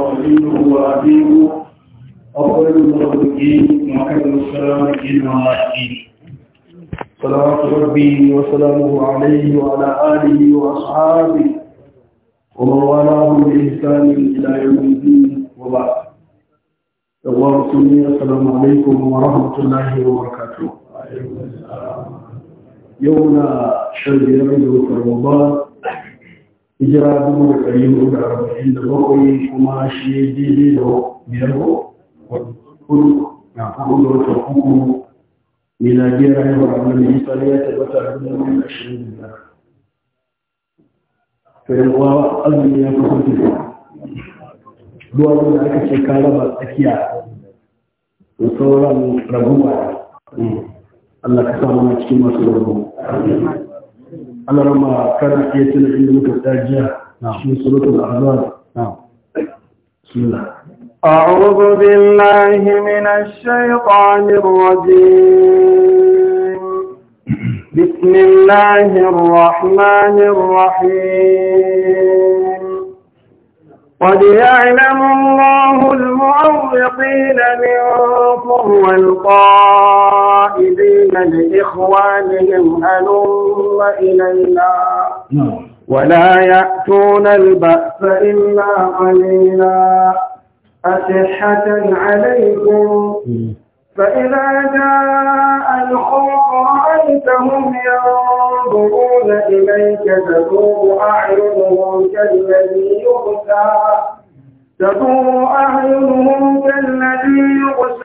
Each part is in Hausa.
وخليله وأبيه أفضل المخلوقين وخير السلامين والعائلين صلوات ربي وسلامه عليه وعلى آله وأصحابه ومن والاه بإحسان إلى يوم الدين وبعد السلام عليكم ورحمة الله وبركاته يومنا شهر رمضان hijira dubu da ɗari hudu da arba'in da kuma shi daidai da biyar hudu na hudu da wata wani ya tabbata ashirin da biyar to uwa azumi ya fi da aka ce ka tsakiya da sauran rabuwa hmm. Allah ka samu cikin masu rabuwa أنا لما كان حياتنا عند مكتاجة نعم سورة الأعراض نعم بسم الله أعوذ بالله من الشيطان الرجيم بسم الله الرحمن الرحيم قد يعلم الله المعوقين منكم والقائدين لإخوانهم هلم إلينا نعم. ولا يأتون البأس إلا قليلا أشحة عليكم فإذا جاء الخوف رأيتهم ينظرون إليك تدور أعينهم كالذي يغشى تدور أعينهم كالذي يغشى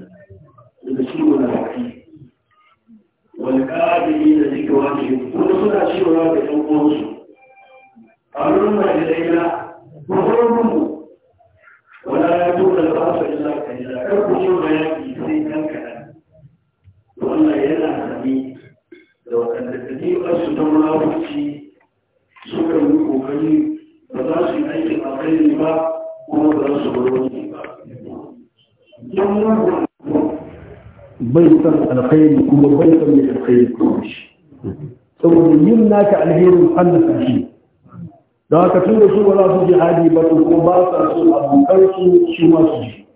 ka tun da su ba za su jihadi ba to ko ba sa so abokan su shi ma su ji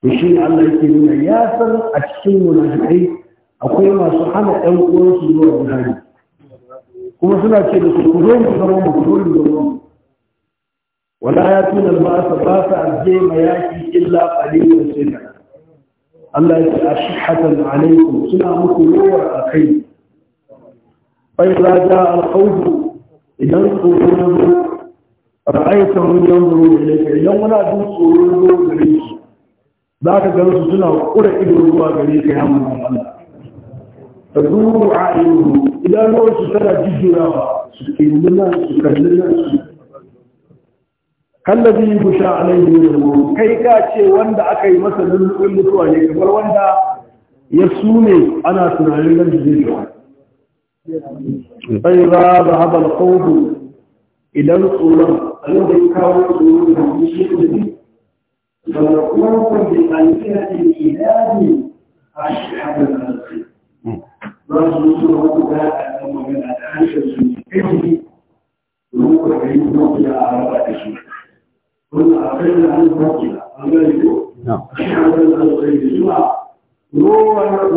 to shi ne Allah yake nuna ya san a cikin munafikai akwai masu hana ɗan uwan su zuwa jihadi kuma suna ce da su ku zo mu zama mu zo mu zama wala ya tuna ba sa ba sa aje mayaki illa qalilan sai ka Allah ya ce ashhatan alaikum suna muku yawa akai fa idza jaa al-khawf idan tsoro na zo ra'aita mun yanzuru ne idan wani abin tsoro na zo gare shi za ka gan su suna kura ido zuwa gare ka ya mun Allah ta zuru a Idan idanuwar su tana jijjirawa su kalli nan su kalli nan su kallabi busha alaihi wa kai ka ce wanda aka yi masa dukkan ne kamar wanda ya sune ana tunanin nan da zai فإذا ذهب القوم إلى القرى الذي كان في بشكله فنقوم بألسنة الإله أشهد الخير رجل صورة ذات ومن العاشر من أجله روح عيد نقل أعراض أشهد قلنا أقل عن نقل أمريكو نعم. أشهد الخير سمع روح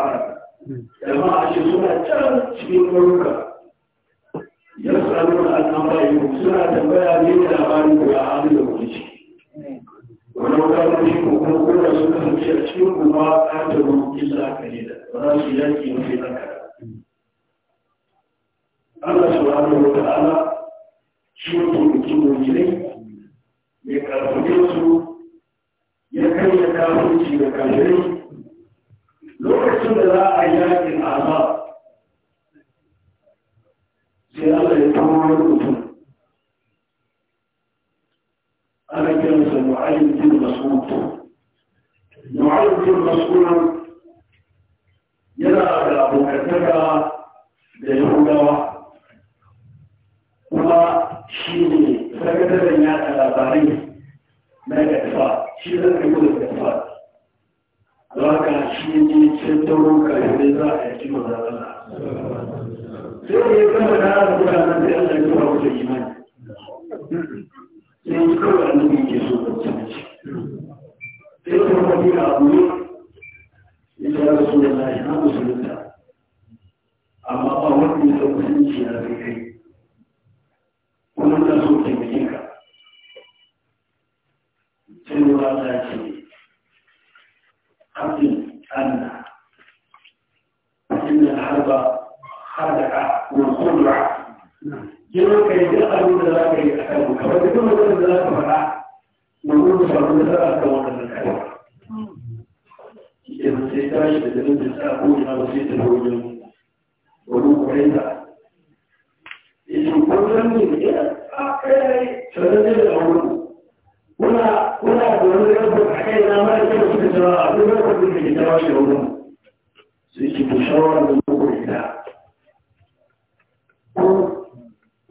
jama'a ce suna can cikin ƙwarurruka ya tsaro na al'amari suna tambaya ne da labarin da ya hannu da kuma ciki wani wakarar shi ko kuma kuma sun kasance a cikin kuma ƙatarun illa kalila ba za su yi yaƙi mafi ɗanka Allah subhanahu wata ala shi ne mutum ne mai karfafe su ya kai ya kafin ci da kafirai lokacin da za a yakin azab sai Allah ya turo wani mutum ana kiransa mu'ayyid bin mas'ud mu'ayyid bin mas'ud yana da abokantaka da yahudawa kuma shi ne sakataren yaɗa labarai na gafa shi zai kai da gafa za ka shi ne cin taurin kafirai za a yaki maza Allah sai ya kama da haka mutanen sai Allah ya kama wuce imani sai ya kawai annabi ke so da cinaci sai ya kama a abu ya ce ya rasu da lahi na musulunta amma ba wani ya san musulunci ya kai kai kuma ta so ka sai ya ba ta حق أن إن الحرب خلق والقدرة جنوك يدخل من ذلك يأخذك ويكون من ذلك فلا ويكون من ذلك فلا ويكون من Yana sai tashi da jirin da sa kuma ya sai ta dojin wani kwarai da. Yana kwarai da ne, yana tsakai da ne, tsarin da ya zama kuna muna da wani rabu a kai na mara kyau suka cewa a duk rabu da ke jawo shi wurin sai ki ku shawara da ku ita ko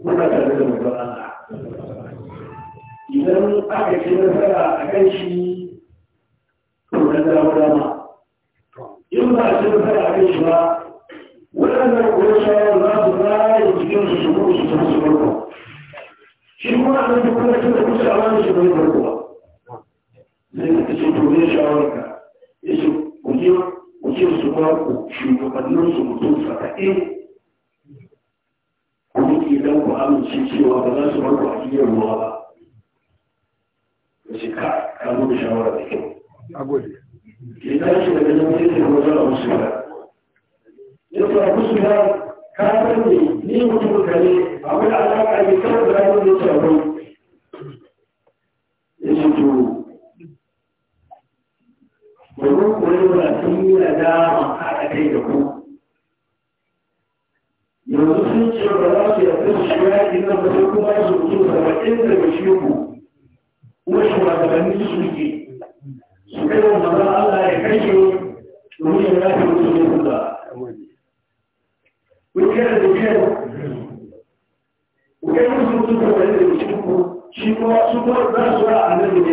muna tare da mutum Allah idan aka ce nasara a kan shi to na dama dama in ba shi nasara a kan shi ba waɗannan kuwa shawara za su rayu cikin su su su su su su shi kuma a duk kuma tun da kusa ba ne shi bai barkuwa zai ka ce to ne shawarka ya ce kuje je su ba ku shugabannin su mutum saba'in ku rike dan ku amince cewa ba za su barku a cikin ruwa ba ya ce ka ka zo da shawara da kyau a gode ke tashi daga nan sai ka zo za a musu ba ya fara musu ba ka san ni ni mutum ka ne akwai alaƙa mai kyau da rayuwar da ke akwai ya ce to domin kuwa ba sun yi na dama haɗa kai da ku yanzu sun ce ba za su yi yarda su shiga yaƙi nan ba sai kuma su mutum saba'in daga shi ku kuma ni su ke su kai wa manzan Allah ya kashe domin ya rafe mutum ya kuka وكان الرجال وكان يوسف تنظر الى الشيخ شيخ سوبر ناس ولا عن النبي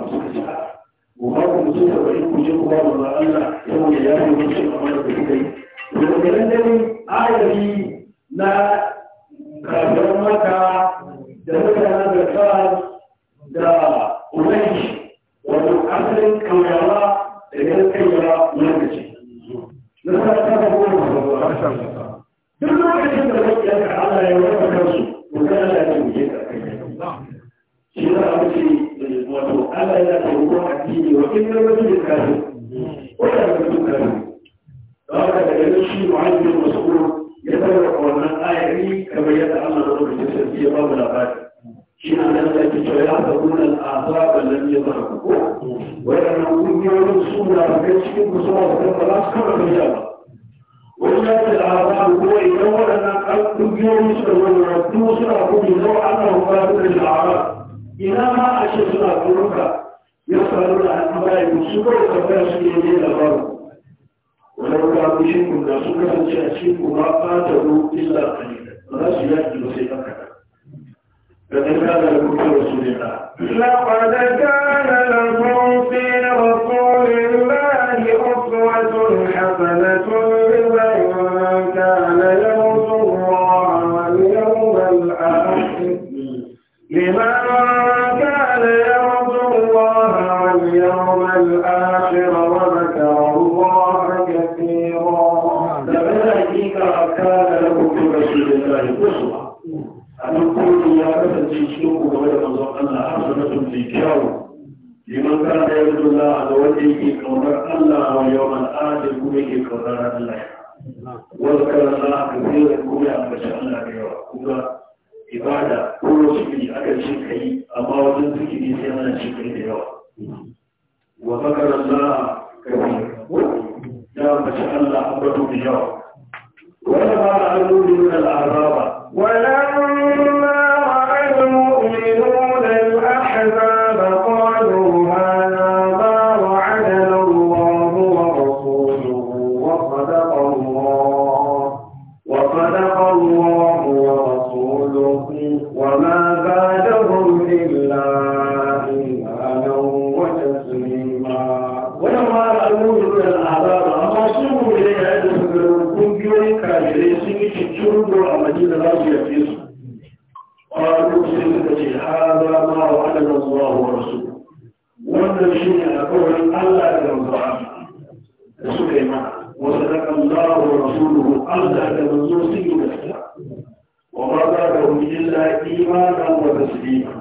ba suka ci ba ku da wani ku je ku ba Allah ya yi wani cin amana da kuka yi daga garin dare ayari na kafin maka da mutanen da sa da ubangi wato asalin kauyawa da garin kauyawa lokaci na sa ta ba ko duk lokacin da kake yanka Allah ya wata kansu to kana da jin ka kai shi za a wuce wato Allah yana taimakon addini wa in na mutum kafin wata da mutum kafin da haka daga nan shi mu'allim mas'ul ya sarrafa wannan ayari kamar yadda Allah da wani sarki ya ba mu labari shi na nan da ke cewa ya sabuna al'azaba lam yadhaku ko wannan kungiyoyin suna daga cikin musulma da ba za su kama kariya ba wannan al'azaba ko idan waɗannan kungiyoyin suna wannan su suna kuma idan Allah ba su da shi'ara ina ma a ce suna kuruka ya faru da hannun bayan su kawai tambaya su ne ne da babu wani ga kushin da su kasance a cikin kuma fataru illa kalila ba za su yaki ba sai ɗan kaɗan da ɗan kaɗan da kuma su ne na. wannan shi ne alkawarin Allah da manzo da suka yi mana wa sadaqa Allah wa rasuluhu Allah da manzo sun yi gaskiya wa ma za da hum illa imanan wa taslima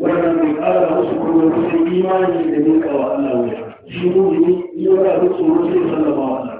a bai ƙara musu kuma sai imani da ne kawa Allah wuya shi mu ne yi wa da tsoro sai sallama wa Allah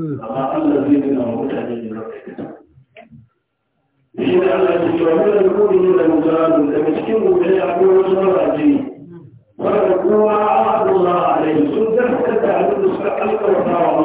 amma Allah zai wa mutane ne shi da Allah ya kuri ne da mutane daga cikin gobe ya ko wasu mazaje wanda a da da suka alƙawarta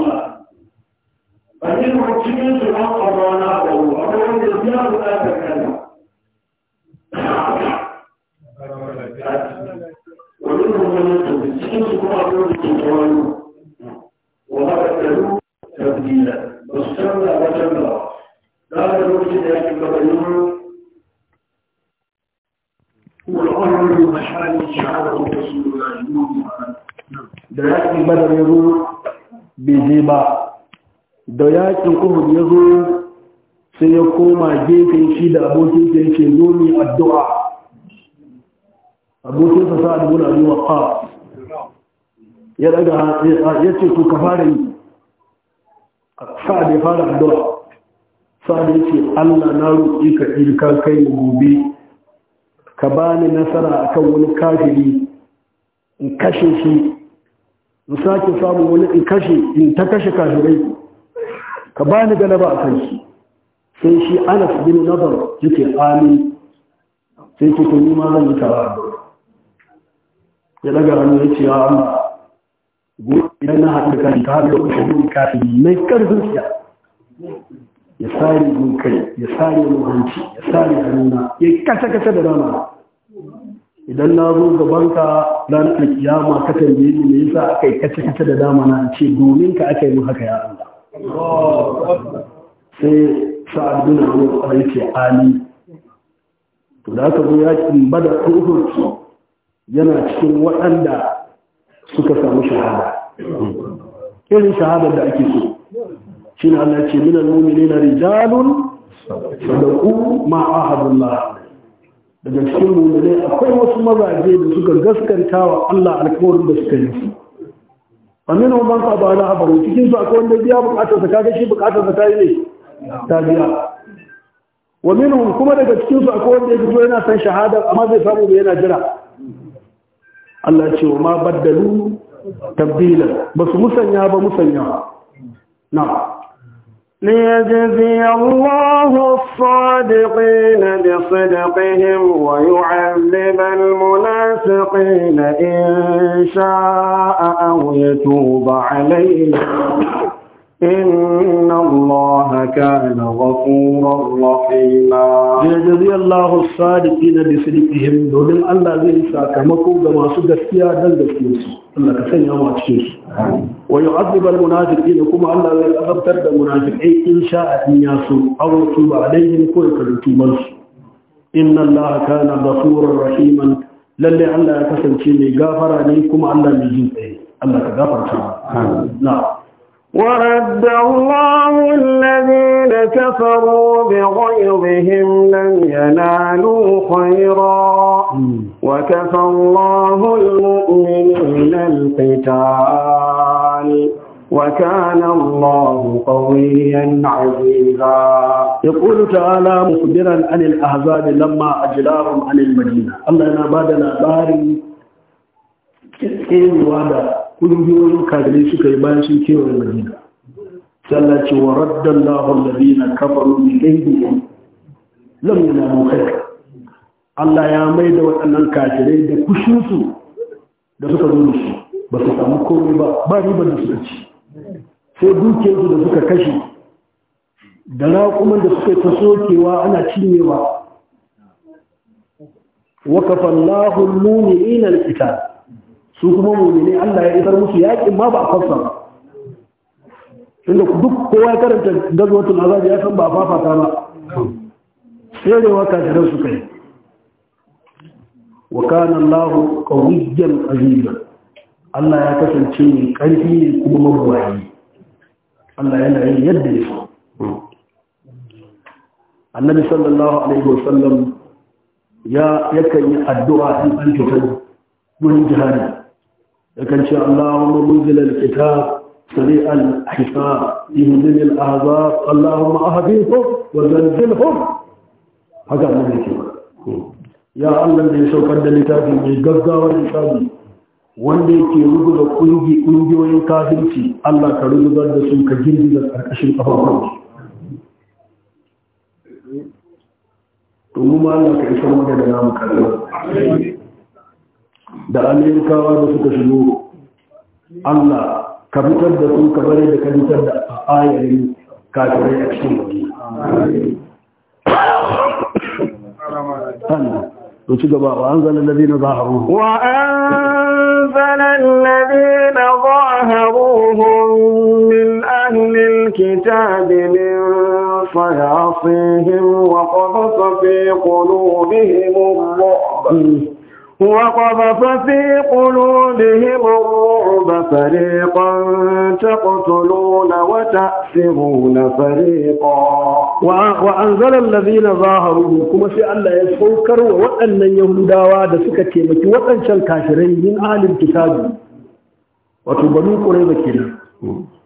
gefe shi da abokinsa yake zo addu'a abokinsa sa da wani abuwa ka ya daga ya ce to ka fara yi sa da ya fara addu'a sa ya ce allah na roƙi ka irka kai gobe ka bani nasara akan wani kafiri in kashe shi in sake samun wani in kashe in ta kashe kafirai ka bani galaba a shi sai shi anas bin nazar yake amin sai ce to ni ma zan yi tawa ya daga hannu ya ce ya amma gobe idan na haɗu da ta haɗu da ƙasashen kafin mai ƙarfin siya ya sare mun kai ya sare mun hanci ya sare hannuna ya kasa kasa da rana idan na zo gaban gabanka ranar alkiyama ka tambaye ni me yasa aka yi kasa kasa da dama na ce domin ka aka yi mun haka ya Allah sai sa'ad bin Abi Bakr ali to da aka zo yakin Badar Uhud yana cikin waɗanda suka samu shahada irin shahadar da ake so shine Allah ce minal na rijalun Sadaku ma'a ahadullah daga cikin mu'minai akwai wasu mazaje da suka gaskanta wa Allah alkawarin da suka yi wannan man ka ba na habaru cikin su akwai wanda biya bukatar sa kaga shi bukatar sa yi ne ta wa minhum kuma daga cikin su akwai wanda ya fito yana san shahada amma zai samu da yana jira Allah ce wa ma baddalu tabdila basu musanya ba musanya na ليجزي الله الصادقين بصدقهم ويعذب المنافقين إن شاء أو يتوب عليهم Jajazi Allahun sadi ina da siriki him domin Allah zai yi sakamako ga masu gaskiya don gaskinsu, Allah ka sanya wa cikin su. Wani azubar munafiki da kuma Allah zai azabtar da munafiki in sha a duniya su auratu ba a daidai ko ya karu tumarsu. Inna Allah ka na da surar rahiman lalle Allah ya kasance mai gafara ne kuma Allah mai jin tsaye. Allah ka gafarta. Na'am. وَرَدَّ اللَّهُ الَّذِينَ كَفَرُوا بِغَيْظِهِمْ لَمْ يَنَالُوا خَيْرًا وَكَفَى اللَّهُ الْمُؤْمِنِينَ الْقِتَالَ وكان الله قويا عزيزا يقول تعالى مخبرا عن الأحزاب لما أجلاهم عن المدينة الله ينبادنا باري كيف وهذا ƙungiyoyin kadirai suka yi bayan sun kewaye madina sallah ce wa raddan lahun labina kafaru bi gaibi lam yanamu khair Allah ya mai da waɗannan kadirai da kushinsu da suka zo su ba su samu komai ba ba riba da suka ci sai dukiyarsu da suka kashe da raƙuman da suka ta sokewa ana cinyewa kafan Allahun muni inal ita su kuma mu'mini Allah ya isar musu yaƙin ma ba a ba inda duk kowa ya karanta gazwatul azab ya san ba fafata ba tserewa kafiran su kai wa kana Allah qawiyyan aziza. Allah ya kasance mai ƙarfi ne kuma mabuwayi Allah yana yin yadda ya so annabi sallallahu alaihi wasallam ya yakan yi addu'a in an fita wurin jihadi يكن شاء اللهم منزل الكتاب سريع الحساب يهزم الأحزاب اللهم أهديهم وزلزلهم هذا النبي يا الله da ya saukar da littafi mai gaggawa lissafi wanda yake rubuta ƙungiyoyin kafirci Allah ka rubuta da su ka girgiza ƙarƙashin ƙafafunsu domin ma Allah ka isa wanda da namu kallon da amerikawa da suka shigo Allah ka fitar da su ka bari da ka fitar da ayarin kafirai a cikin waje Allah to ci gaba wa anzala allazina zaharu wa anzala allazina zaharuhum min ahli alkitabi min sayasihim wa qadasa fi qulubihim الرعب وقذف في قلوبهم الرعب فريقا تقتلون وتأسرون فريقا وأنزل الذين ظاهروا كما شاء الله يسوكر وأن يهودا وعد سكة وأن شل كافرين من أهل الكتاب وتبنوا قريبا كنا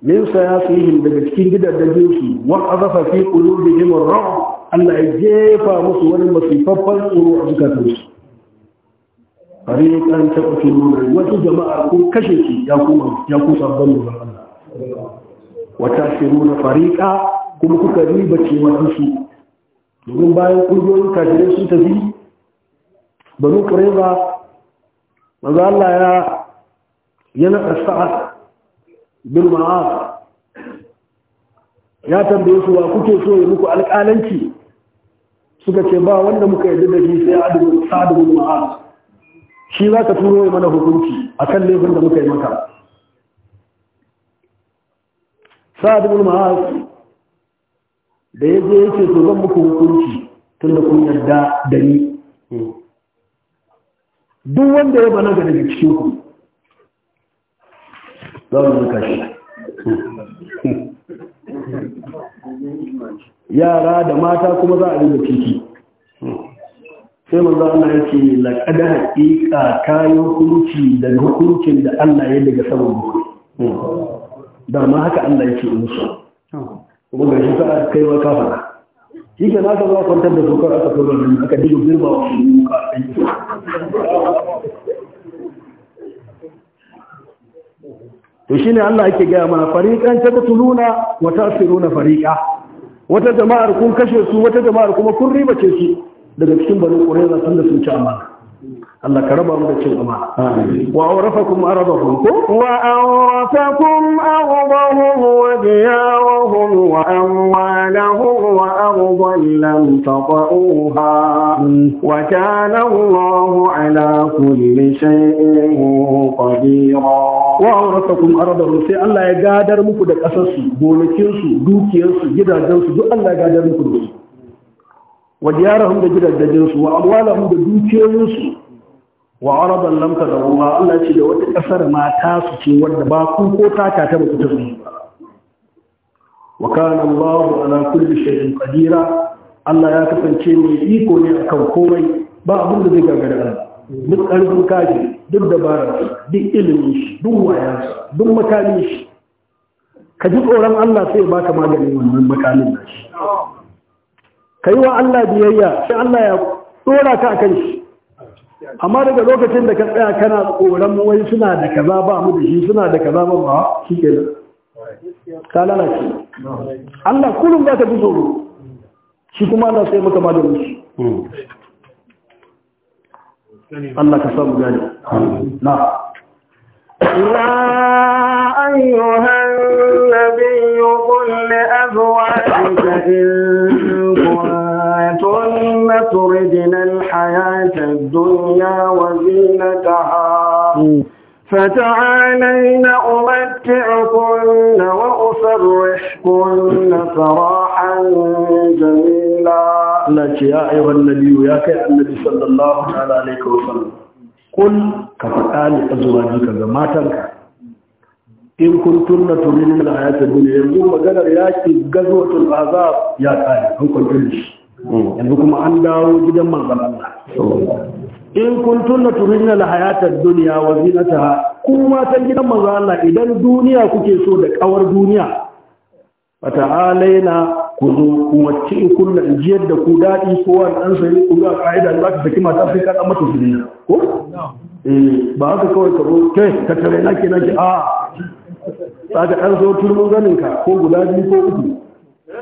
من سياسيهم بمسكين جدا دجوشي وقذف في قلوبهم الرعب الله يجيب مسوى المصيفة فالقروع بكثير fariƙan taɓa tunan wata jama'a ko kashe shi ya kuma ya ku sabon da Allah wata shiru na fariƙa kuma kuka riba ce waɗansu domin bayan ƙungiyoyin kashe kafirai sun tafi banu ƙureba maza Allah ya yana ƙasa'ar bin ma'az ya tambaye su wa kuke so ya muku alƙalanci suka ce ba wanda muka yi da shi sai adu sa'adu bin ma'az shi za ka turo mana hukunci a kan laifin da muka yi maka sa'ad ibn ma'az da ya je yake so zan muku hukunci tun da kun yarda da ni duk wanda ya bana ga cikin ku za mu zuka shi yara da mata kuma za a da ciki sai manzo Allah yake laqad haqiqa kayan hukunci da hukuncin da Allah ya daga saman gobe da ma haka Allah yake musu kuma ga shi ta kai wa kafa shi ke na a kwantar da sokar aka kai da aka diga girba wa shi ka to shine Allah yake ga ta ta taqtuluna wa na fariƙa. wata jama'ar kun kashe su wata jama'ar kuma kun ribace su daga cikin bari ƙuraiza za da sun ci amana Allah ka raba mu da cin amana wa awrafakum aradahum ko wa awrafakum aradahum wa diyarahum wa amwalahum wa ardan lam taqauha hmm. wa kana Allah ala kulli shay'in qadira wa awrafakum aradahum sai Allah ya gadar muku da kasarsu gonakin su dukiyar su gidajen su duk Allah ya gadar muku da su wa diyarahum da gidajen su wa amwalahum da dukiyoyin su wa aradan lam tadawwa Allah ce da wata kasar mata su ce wanda ba ku ko taka ta ba ku tafi wa kana Allah ala kulli shay'in qadira Allah ya kasance mai iko ne akan komai ba abin da zai gagara ba. duk ƙarfin kaji duk dabara duk ilimin shi duk wayan shi, duk makamin shi ka ji tsoron Allah sai baka maganin wannan makamin shi. ka yi wa Allah biyayya shi Allah ya tsora ka kan shi amma daga lokacin da ka tsaya kana tsoron wai suna da kaza ba mu da shi suna da kaza ba ba shi ke nan ka lalace Allah kullum za ka fi tsoro shi kuma Allah sai maka maganin shi Allah ka samu gani na يا أيها النبي قل لأزواجك إن الحياة الدنيا وزينتها فتعالين أمتعكن وأفرحكن فراحا جميلا لك يا أيها النبي يا كي النبي صلى الله عليه وسلم قل كفتان أزواجك زماتك in kuntun na turin na hayata duniya yanzu maganar yaki gazotul azab ya kare an kwantar shi yanzu kuma an dawo gidan manzan Allah in kuntun na turin na hayatar duniya wa zinataha Kuma ta gidan manzan Allah idan duniya kuke so da kawar duniya fata alaina ku zo ku wacce in kunna in jiyar da ku daɗi ko wani ɗan sayi ku ga ƙa'ida za ka saki mata sai ka ɗan mata su ko eh, ba haka kawai ka zo kai ka tare na ke na ke a za ka ɗan zo turmin ganinka ka ko guda biyu ko uku Eh?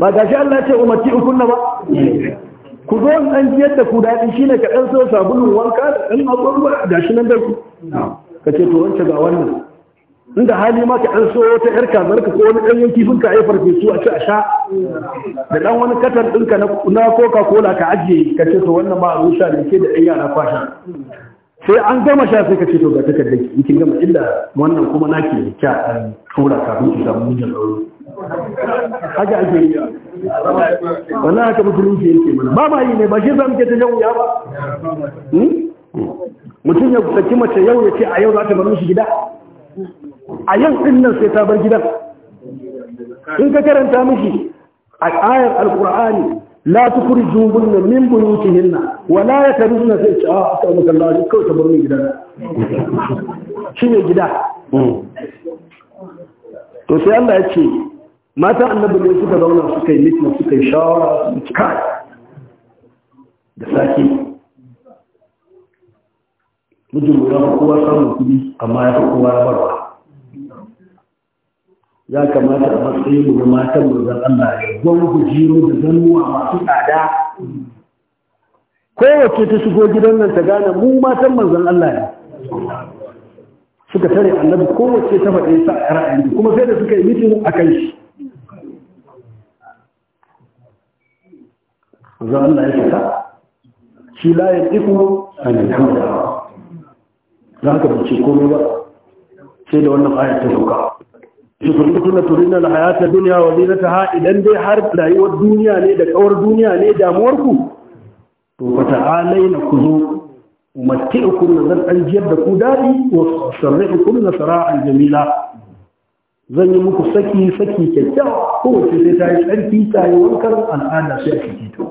ba ga shi Allah ce umarci ukunna ba ku zo an jiyar da ku daɗi shi ne ka ɗan so sabulun wanka da ɗan abubuwan ruwa ga shi nan da ku ka ce to wancan ga wannan inda hali ma ka ɗan so wata ‘yar kamar ka ko wani ɗan yanki sun ka haifar ke su a ci a sha da ɗan wani katar ɗinka na coca cola ka ajiye ka ce to wannan ma a rusha da ke da ɗan yara kwasha sai an gama sha sai ka ce to ga ta ki yake gama illa wannan kuma na ke kya an tura kafin ki samu mijin aure haka ake yi wannan haka musulunci yake mana ba ma yi ne ba shi za mu ke ta yau ya ba hmm? mutum ya saki mace yau ya ce a yau za ta bar mishi gida a yau din nan sai ta bar gidan in ka karanta mishi a ayar alkur'ani la tukhriju bunna min buyutihinna wa la yakrujuna sai ce a aka maka Allah kawai ta bar ni gida shine gida to Allah ya ce mata annabi ne suka zauna suka yi mitin suka yi shawara su kai da sake mijin mu ya kowa samun kuɗi amma ya fi kowa ya barwa ya kamata a matsayin mu matan manzon Allah ya gwangwaje mu da zannuwa masu tsada kowace ta shigo gidan nan ta gane mu matan manzon Allah ne suka tare annabi kowace ta faɗe sa a ra'ayi kuma sai da suka yi mitin a kan shi manzon Allah ya fita shi la ya iku an alhamdulillah za ka bace komai ba sai da wannan ayar ta sauka يظنكم ترين الحياة الدنيا وزينتها إذن دي حرب لا يوى الدنيا ليه دكور الدنيا ليه داموركم وتعالينا كذوب ومتئكم لذن أنجيب دكو داري وصرحكم لصراع الجميلة ظنموك سكي سكي كتا هو سيتاي سكي تاي ونكر الآن سيكي كتو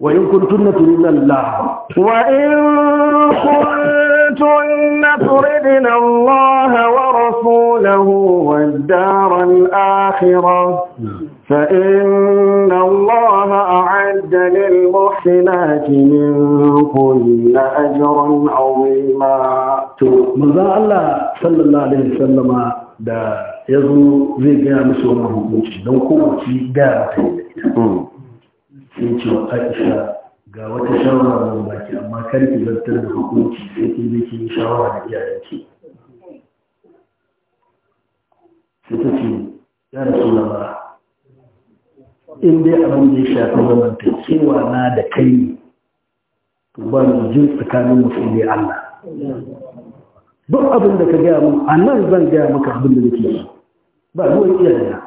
وإن كنتم ترين الله وإن كنتم كنتن تردن الله ورسوله والدار الآخرة فإن الله أعد للمحسنات منكن أجرا عظيما ماذا الله صلى الله عليه وسلم دا يزو زي جاء مسوى مرهو دون قوة جاء سيدي سيدي وعائشة ga wata shawara mai baki amma kar ki zartar da hukunci sai ki zai ki shawara da iyayenki sai ta ce ya rasu na ba in dai abin da ya shafi cewa na da kai to ba mu jin tsakanin sai dai Allah duk abin da ka gaya mun a nan zan gaya maka abin da nake yi ba ruwan iyayena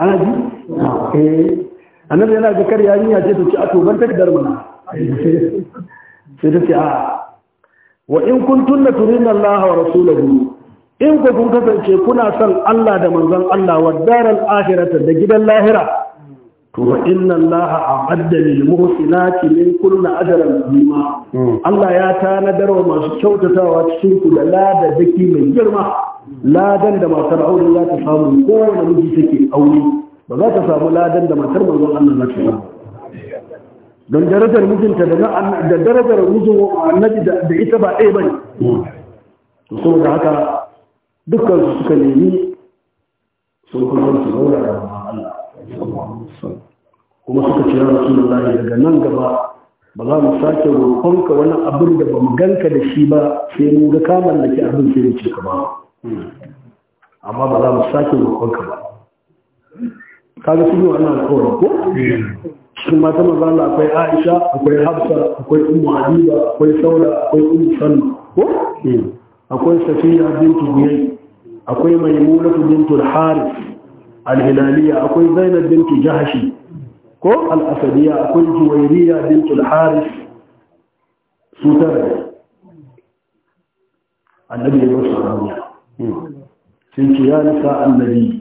ana ji eh annabi yana ga kar yarinya ce ta ci a toban takardar mana sai ta ce a wa in kuntum la turina Allah wa rasulahu in ku kun kasance kuna son Allah da manzon Allah wa daral akhirata da gidan lahira to wa inna Allah a'adda lil muhsinati min kulli ajrin Allah ya tanadar wa masu kyautatawa cikin ku da lada daki mai girma ladan da matar aure za ta samu kowane miji take aure ba za ka samu ladan da matar manzon Allah na ta don darajar mijinta da da darajar mijin annabi da ita ba ɗaya bane to da haka dukkan su suka nemi sun kuma su zaura da Allah kuma suka ce ya Rasulullahi daga nan gaba ba za mu sake ka wani abin da ba mu ganka da shi ba sai mu ga ka mallaki abin sai da ce ka ba amma ba za mu sake ka ba kaga su yi wannan alƙawarin ko eh. cikin mata manzo Allah akwai Aisha akwai Hafsa akwai Ummu Habiba akwai Sauda akwai Ummu Salma ko eh. akwai Safiya bintu Huyay akwai Maimuna bintu Al-Harith Al-Hilaliya akwai Zainab bintu Jahashi ko Al-Asadiya akwai Juwayriya bintu Al-Harith su tare annabi ya wasu hanya hmm. sun ce ya nisa annabi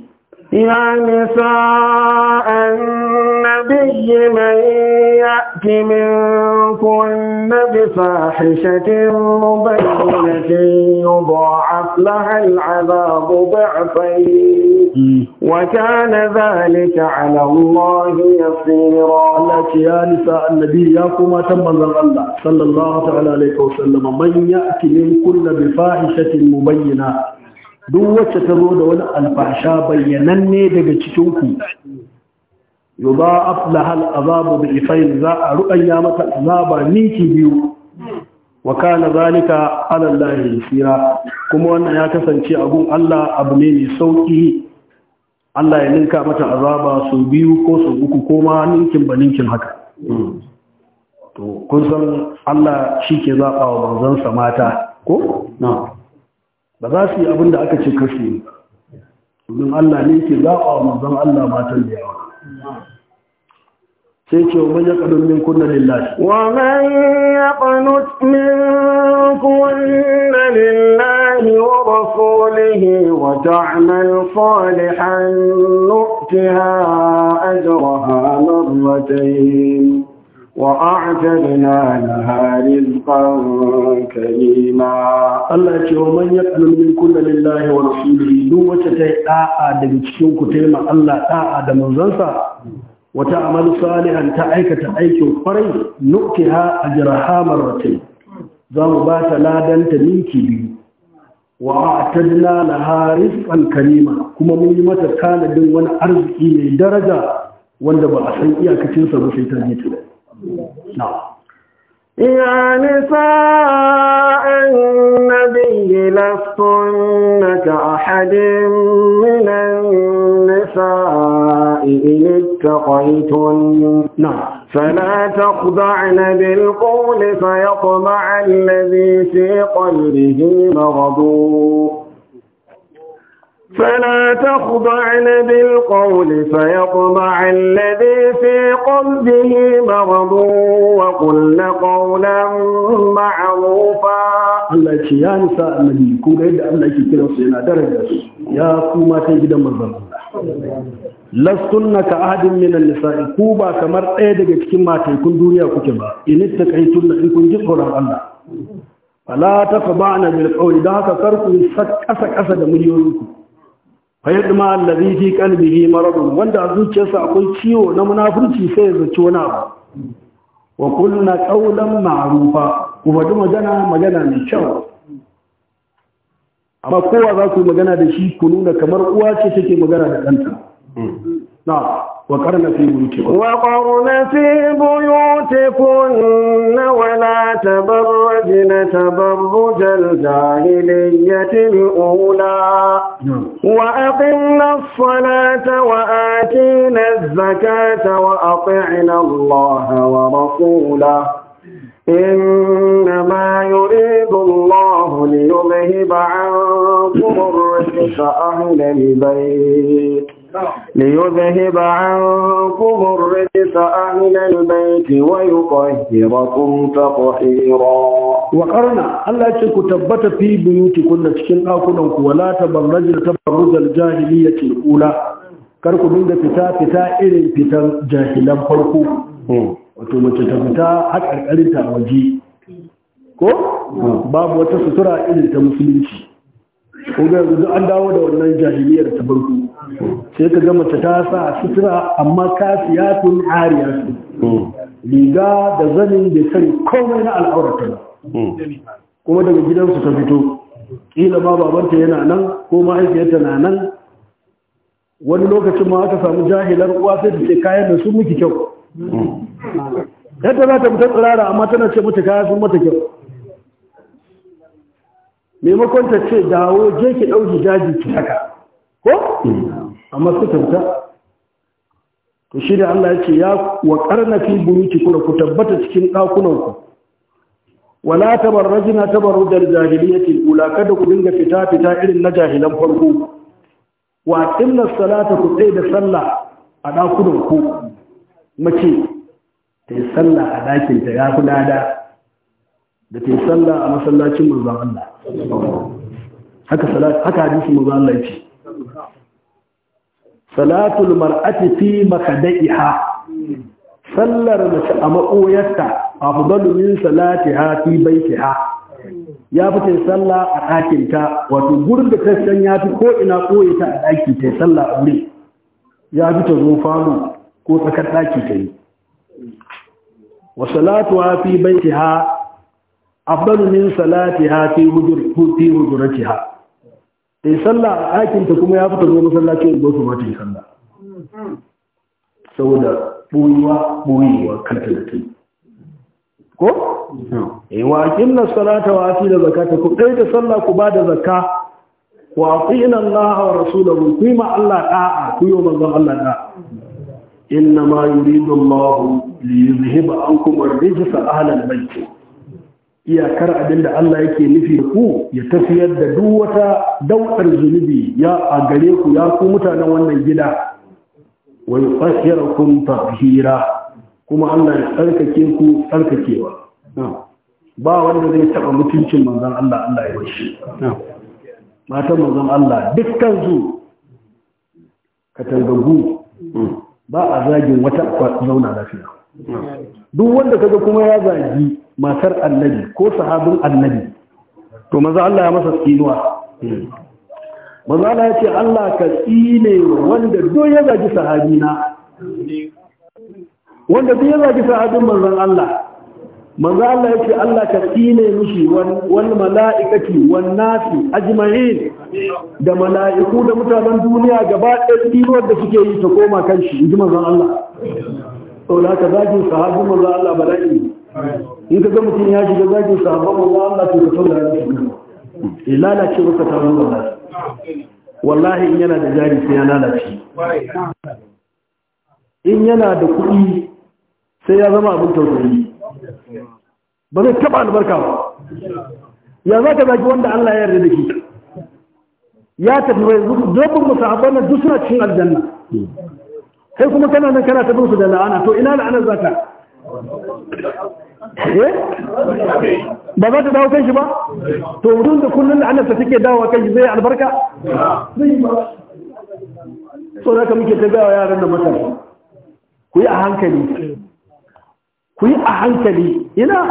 يا نساء النبي من يأت منكن بفاحشة مبينة يضاعف لها العذاب ضعفين وكان ذلك على الله يسيرا لك يا نساء النبي يا كما تم الله صلى الله عليه وسلم من يأت منكن بفاحشة مبينة duk wacce ta zo da wani alfasha ne daga cikinku yau za a aflahal azabu da ifayin za a mata azaba ninki biyu wa kana zalika alallahi yasira kuma wannan ya kasance a gun Allah abu ne mai sauƙi. Allah ya ninka mata azaba su biyu ko su uku ko ma ninkin ba ninkin haka to kun san Allah shi ke zaɓa wa manzansa mata ko na ba za su yi abin da aka ce kasu ne domin Allah ne ke zaɓa wa manzon Allah matan da yawa sai ce wa manya ƙanun min kunna lillahi wa manya ƙanun min kunna lillahi wa rasulihi wa ta'mal salihan nu'tiha ajraha marratayn وأعتدنا لها رزقا كريما الله يقول ومن يقبل من كل لله ورسوله دو وتتي آآ دمتشون كتيما الله آآ دمزنسا وتعمل صالحا تأيك تأيك فري نؤتها أجرها مرتين زام بات لا دنت منكي بي وأعتدنا لها رزقا كريما كما من يمتر كان دون أرزقي درجة وندبع سيئة كتير سبسيطان يتلو نعم يا نساء النبي لستن كأحد من النساء إن اتقيتن نعم فلا تخضعن بالقول فيطمع الذي في قلبه مرض فلا تخضعن بالقول فيطمع الذي في قلبه مرض وقلن قولا معروفا Allah ce ya nisa annabi kun yadda Allah ke kiran su yana daraja su ya ku mata gidan manzon Allah ka ahadin min an ba kamar ɗaya daga cikin mataikun duniya kuke ba in taqaytunna in kun ji tsoron Allah fala tafba'na bil haka kasa kasa da miliyoyinku fayyadma allazi fi qalbihi marad wanda a zuciyarsa akwai ciwo na munafurci sai ya zaci wani abu wa kulna qawlan ma'rufa ku magana magana mai kyau amma kowa za ku magana da shi ku nuna kamar uwa ce take magana da ɗanta na وقرن في بيوتكن وقرن في بيوتكن ولا تبرجن تبرج الجاهلية الأولى نعم. وأقمنا الصلاة وآتينا الزكاة وأطعنا الله ورسوله إنما يريد الله ليذهب عنكم الرجس أهل البيت ليذهب عنكم الرجس أهل البيت ويطهركم تطهيرا وقرنا الله يشكو تبت في بيوتكن تشكن أكنك ولا تبرجن تبرج الجاهلية الأولى karku dinga fita fita irin fitan jahilan farko wato mace ta fita a karkarin ta waje ko babu wata sutura irin ta musulunci ko ga yanzu an dawo da wannan jahiliyar ta farko sai ka gama ta sa sutura amma kasiyatun su liga hmm. da zanin da sani komai na al'aurata ba hmm. kuma daga gidansu ta fito kila ma babanta yana nan ko mahaifiyarta na nan wani lokacin ma aka samu jahilar uwa sai ta ce kayan da sun miki kyau hmm. yadda za ta fita tsirara amma tana ce mata kaya sun mata kyau maimakon ta ce dawo je ki ɗauki jaji ki haka ko amma suka ku to shi da Allah ya ce ya wa karna fi buyuti kuna ku tabbata cikin dakunan ku wala tabarrajna tabarrujal jahiliyyati ula kada ku dinga fita fita irin na jahilan farko wa inna salata ku tsaye da sallah a ɗakunanku mace ta yi sallah a dakin ta ya fi lada da ta yi sallah a masallacin manzon Allah haka salat haka hadisi manzon Allah ya ce salatul mar'ati fi makadaiha sallar mace a maɓoyarta afdalu min salatiha fi baitiha ya fi ta sallah a ɗakinta ta wato gurin da ta san ya fi ko ina koyi ta a ɗaki ta sallah a wurin ya fi ta zo falo ko tsakar ɗaki ta yi wa salatuha fi baitiha afdalu min salatiha fi hujuratiha yi sallah a ɗakinta kuma ya fita zuwa masallacin ya gosu mata yi sallah saboda ɓoyewa ɓoyewa kanta da ta ko? yi eh, wa na salata wa fi da zakata ku ɗai da sallah ku ba da zakka wa ina Allah wa rasulahu ku yi ma Allah ɗa'a ku yi wa manzon Allah ɗa'a inna ma yuridu Allah li yuzhiba ankum ar-rijsa ahla al-bayt iyakar abin da Allah yake nufi ku ya tafiyar da duk wata daudar zunubi ya a gare ku ya ku mutanen wannan gida wa yutahhirukum tatheera kuma Allah ya tsarkake ku tsarkakewa ba wanda zai taba mutuncin manzon Allah Allah ya bashi matan manzon Allah dukkan ka katangagu hmm. ba a zagin wata zauna lafiya duk wanda kaga kuma ya zagi matar annabi ko sahabin annabi to maza Allah ya masa tsinuwa maza Allah ya ce Allah ka tsine wanda duk ya zagi sahabina wanda duk ya zagi sahabin manzon Allah maza Allah ya ce Allah ka tsine mishi wani mala'ikati wani nasi ajma'in da mala'iku da mutanen duniya gaba ɗaya tsinuwar da suke yi ta koma kan shi ji manzon Allah saboda haka zagin sahabin manzo Allah bala'i in ka ga mutum ya shiga zagin sahabban manzo Allah to ka saboda ya shiga ya lalace maka taron wallahi wallahi in yana da jari sai ya lalace in yana da kuɗi sai ya zama abin tausayi ba zai taɓa albarka ba ya za ka zaki wanda Allah ya yarda da shi ya tafi bai zubin musahabban duk suna cin aljanna kai kuma kana nan kana tabin su da la'ana to ina la'anar za ta eh? ba za ta dawo kan shi ba to wurin da kullum la'anar ta take dawo kan shi zai albarka zai ba so da ka muke ta gawa yaran da mata ku yi a hankali ku yi a hankali ina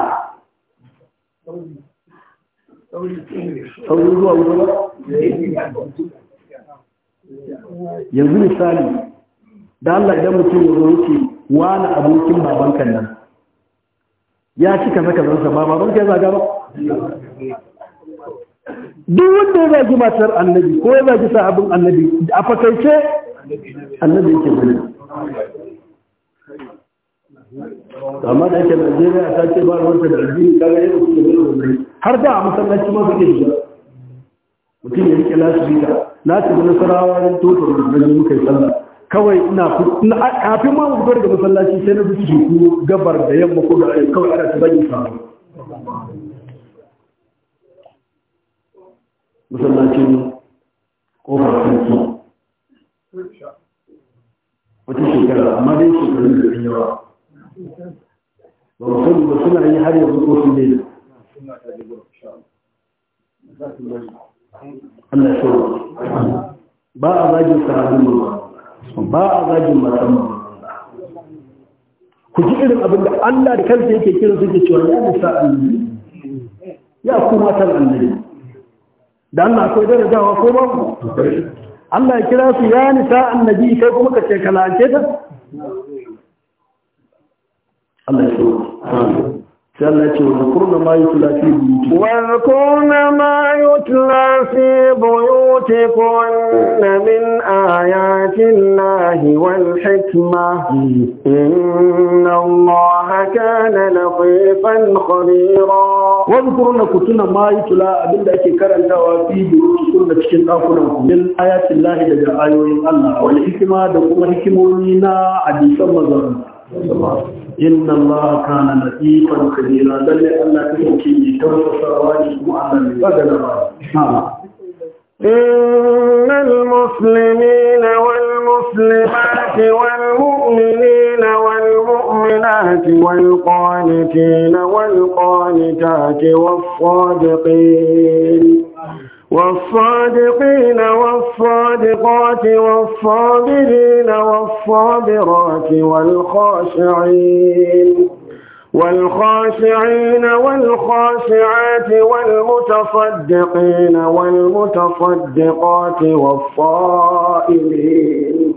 sauri zuwa wuta ba yanzu misali da Allah idan mutum ya zo yake wani abokin babankan nan ya ci kaza kaza sa ba babanka ya zaga ba duk wanda ya zagi matar annabi ko ya zagi sahabin annabi a fakaice annabi yake gani amma da yake Najeriya ya sace ba ruwanta da addini kaga yadda suke gani wannan har da a masallaci ma suke shiga mutum ya rike na lasirika nasarawa ya tutar da muka yi sallah kawai ina kafin ma mu fito da masallaci sai na bi su ku gabar da yamma ko da kawai ana ta zagi sa masallacin kofar sarki wata shekara amma dai shekarun da yawa ba mu sani ba suna yi har yanzu ko su ne Allah ya ba a zagin sa'adun mu ba ba a zagin matan ku ji irin abin da Allah da kansa yake kiran su ke cewa ya an annabi ya ku matan annabi da Allah akwai darajawa ko ba ku Allah ya kira su ya nisa annabi kai kuma ka ce kalance ta Allah ya so سألت وذكرنا ما يتلى في بيوتكم واذكرن ما يتلى في بيوتكن من آيات الله والحكمة إن الله كان لطيفا خبيرا واذكرن كتنا ما يتلى أبن دعك كرن في بيوتكن تشكين أفنكم من آيات الله دجا آيوين الله والحكمة دقوم حكمونينا عديثا مزارنا inna Allah kana latifan kabira lalle Allah kake yi tausasawa ne kuma Allah ne ba da إن المسلمين والمسلمات والمؤمنين والمؤمنات والقانتين والقانتات والصادقين والصادقين والصادقات والصابرين والصابرات والخاشعين والخاشعين والخاشعات والمتصدقين والمتصدقات والصائمين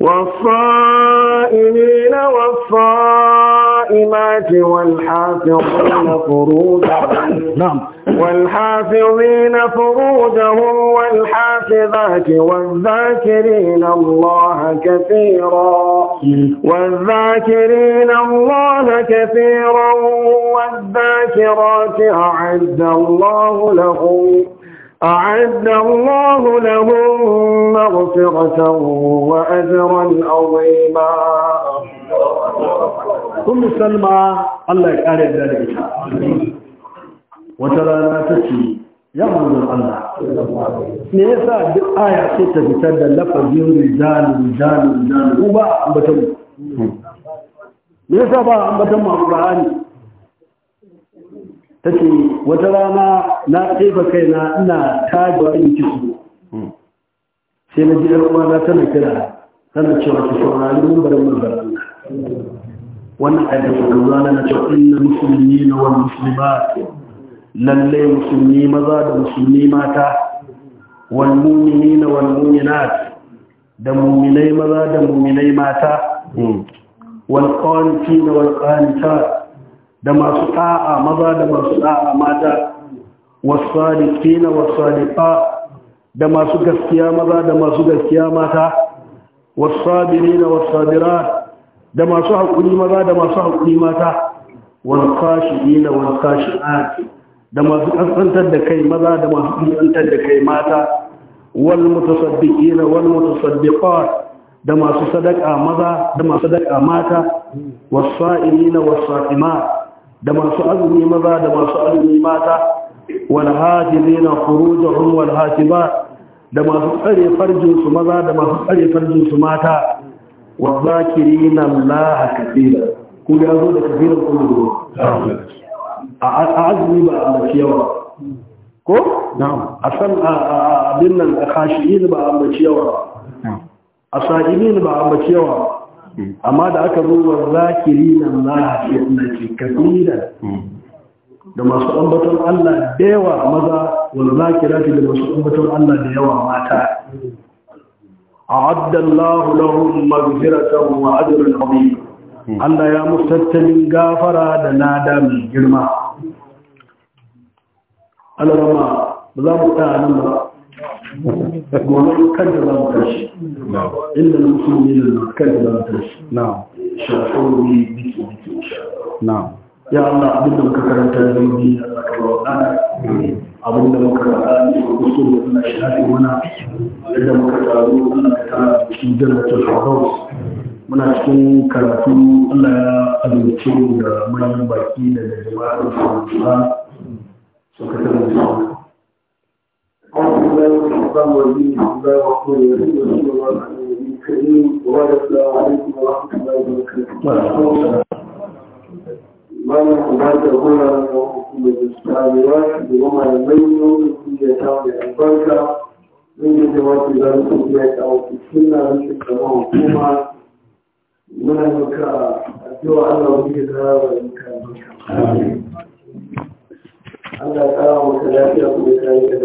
والصائمين والصائمات والحافظين فروجهم نعم. والحافظين فروجهم والحافظات والذاكرين الله كثيرا والذاكرين الله كثيرا والذاكرات أعد الله لهم أعد الله لهم مغفرة وأجرا عظيما ثم سلمى الله يقال ذلك وترى لا تشي يا منظر الله me yasa duk aya ce ta fitar da lafazin rijal rijal rijal ko ba ambatan me yasa ba ambatan mu ta ce wata rana na ɗaiba kaina ina tajiwa in kisu hmm. sai na ji uwana tana kira tana cewa ki saurari mun mumbarin wannan ayyukan shugabana na cewa inna musulmi na wani musulma lallai musulmi maza da musulmi mata walmumini na mu'minat da muminai maza da muminai mata hmm. walƙwanci na qanitat da masu ɗa'a maza da masu ɗa'a mata wasalifina wasalifa da masu gaskiya maza da masu gaskiya mata wasabirina wasabira da masu haƙuri maza da masu haƙuri mata walƙashi'ina walƙashi'at da masu ƙasƙantar da kai maza da masu ƙasƙantar da kai mata wal mutasaddiqat da masu sadaka maza da masu sadaka mata wasa'ilina wasa'imat da masu azumi maza da masu azumi mata wal hafizina furujahum wal ba. da masu tsare farjin su maza da masu tsare farjin su mata wa zakirina laha kaseera ku ya zo da kaseera zo a azumi ba a yawa ko na'am a san abin nan khashiin ba a yawa a sa'imin ba a yawa amma da aka zo wa zakiri nan lafi na ce kafira hmm. da masu ambaton Allah da yawa maza wa zakirati da masu ambaton Allah da yawa mata a'adda Allah lahum maghfiratan wa ajran azim hmm. Allah ya mustattalin gafara da nada mai girma Allah ba za mu tsaya nan ba gobe kan da za tashi inda na yi ne kan da za tashi na shafi biki biki na ya Allah abin da muka karanta da yi Allah ka ba wa abin da muka karanta ne ko kusur da Allah shi hafi mana yadda muka taru Allah ka tara cikin jannatul firdaus muna cikin karatu Allah ya azurce da manyan baki daga da jama'ar Faransa suka tabbata الحمد لله والسلام ولي الله وقول رسول الله على النبي الكريم وعلى السلام عليكم ورحمة الله وبركاته. mana ba ta gora na hukumar tsarewa da goma da maino da ta da albarka yi da wata za su biya ta wata suna rashin kama hukuma muna maka addu'a Allah wani da zara wa yi kan Allah ta wa maka lafiya kuma ta yi